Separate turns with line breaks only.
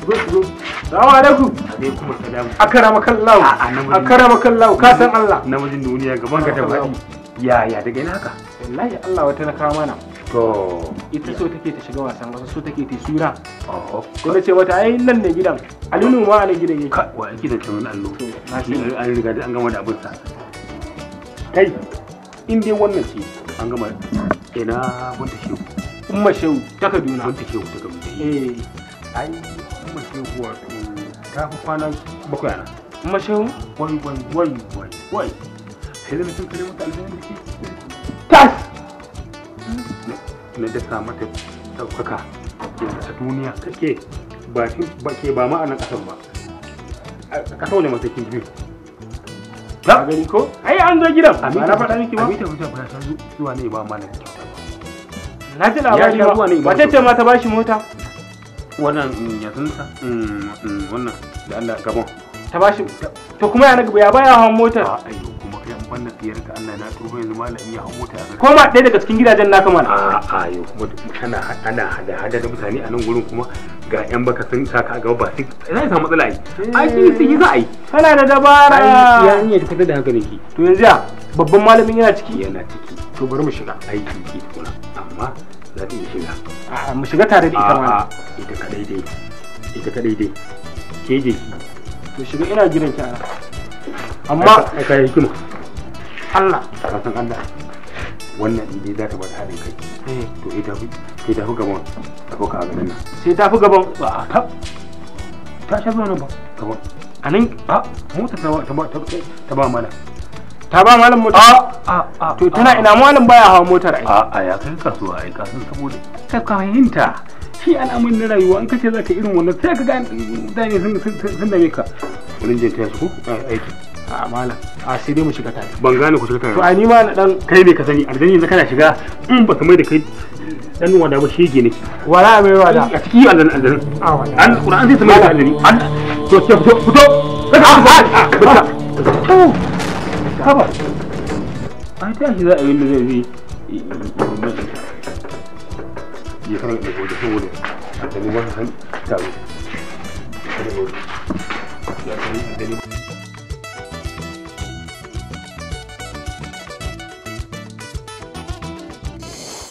Salamu alaikum. Alaikum a Akara makallahu. Akara makallahu ka san Allah. duniya gaban ka Ya ya daga ina haka? Wallahi Allah wata na kawo mana. To. Ita so take ta shiga wasan wasu so take ta sura. Oh. Kuma ce wata ai nan ne gidan. Alinu ma a gidan yake. Wa yake allo. An riga an gama da abin sa. Kai in dai wannan ce an gama ina Umma shehu ta Kaduna. shehu ta Kaduna. Eh. Ai wato ta fi kwanan bakwai wai wai wai wai wai sai da mutum kare da ke tas na dasa mata a duniya kake ba ba ma a nan ba a wani matakin biyu ta gani ko ai an zo gidan a na faɗa miki ba a wuta ta zuwa ne ba na ji ba wata ce ma ta bashi mota wannan mm, ya mm, mm, wannan da Allah gaban ta bashi to kuma ya nagaba ya baya hawan motar kuma kai an banna fiyar ka Allah na tuba yanzu malami ya hawan mota ko ma ɗaya daga cikin gidajen naka mana a ayo kuma kana ana hada hada da mutane a nan gurin kuma ga yan baka sun saka a gaba ba sai zai samu matsala ai eh. ai shi sai za a yi kana da dabara ai ya ni da kada da haka nake to yanzu ya babban malamin yana ciki yana ciki to bari mu shiga aiki ki tukuna amma za ta iya shiga a mu shiga tare da ita ma ita kadai dai ita kadai dai ke je ki to shiga ina gidan ki amma a kai hikima Allah ka san Allah wannan in za ta bada haɗin kai eh. to sai tafi sai tafi gaban ta ko k'a garin nan sai tafi gaban a ta ta sha zuwa ba gaban a nan a mota ta ba mana ta ba malam mota a a to tana ina malam baya hawa motar a a ya kai kasuwa ai kasan saboda ka fahimta shi al'amarin na rayuwa in kace zaka irin wannan sai ka ga dane sun dame ka wurin je ta su ko aiki a mala a sai dai mu shiga tare ban gane ku shiga tare to a ni ma na dan kai me ka sani aljani yanzu kana shiga in ba ka mai da kai dan wanda ba shege ne wala mai wada a ciki aljan aljan an qur'an sai sama aljani an to fito fito ka ba ai ta shi za a yi ne zai yi ya fara da gobe saboda a da neman taro. Ya kai da neman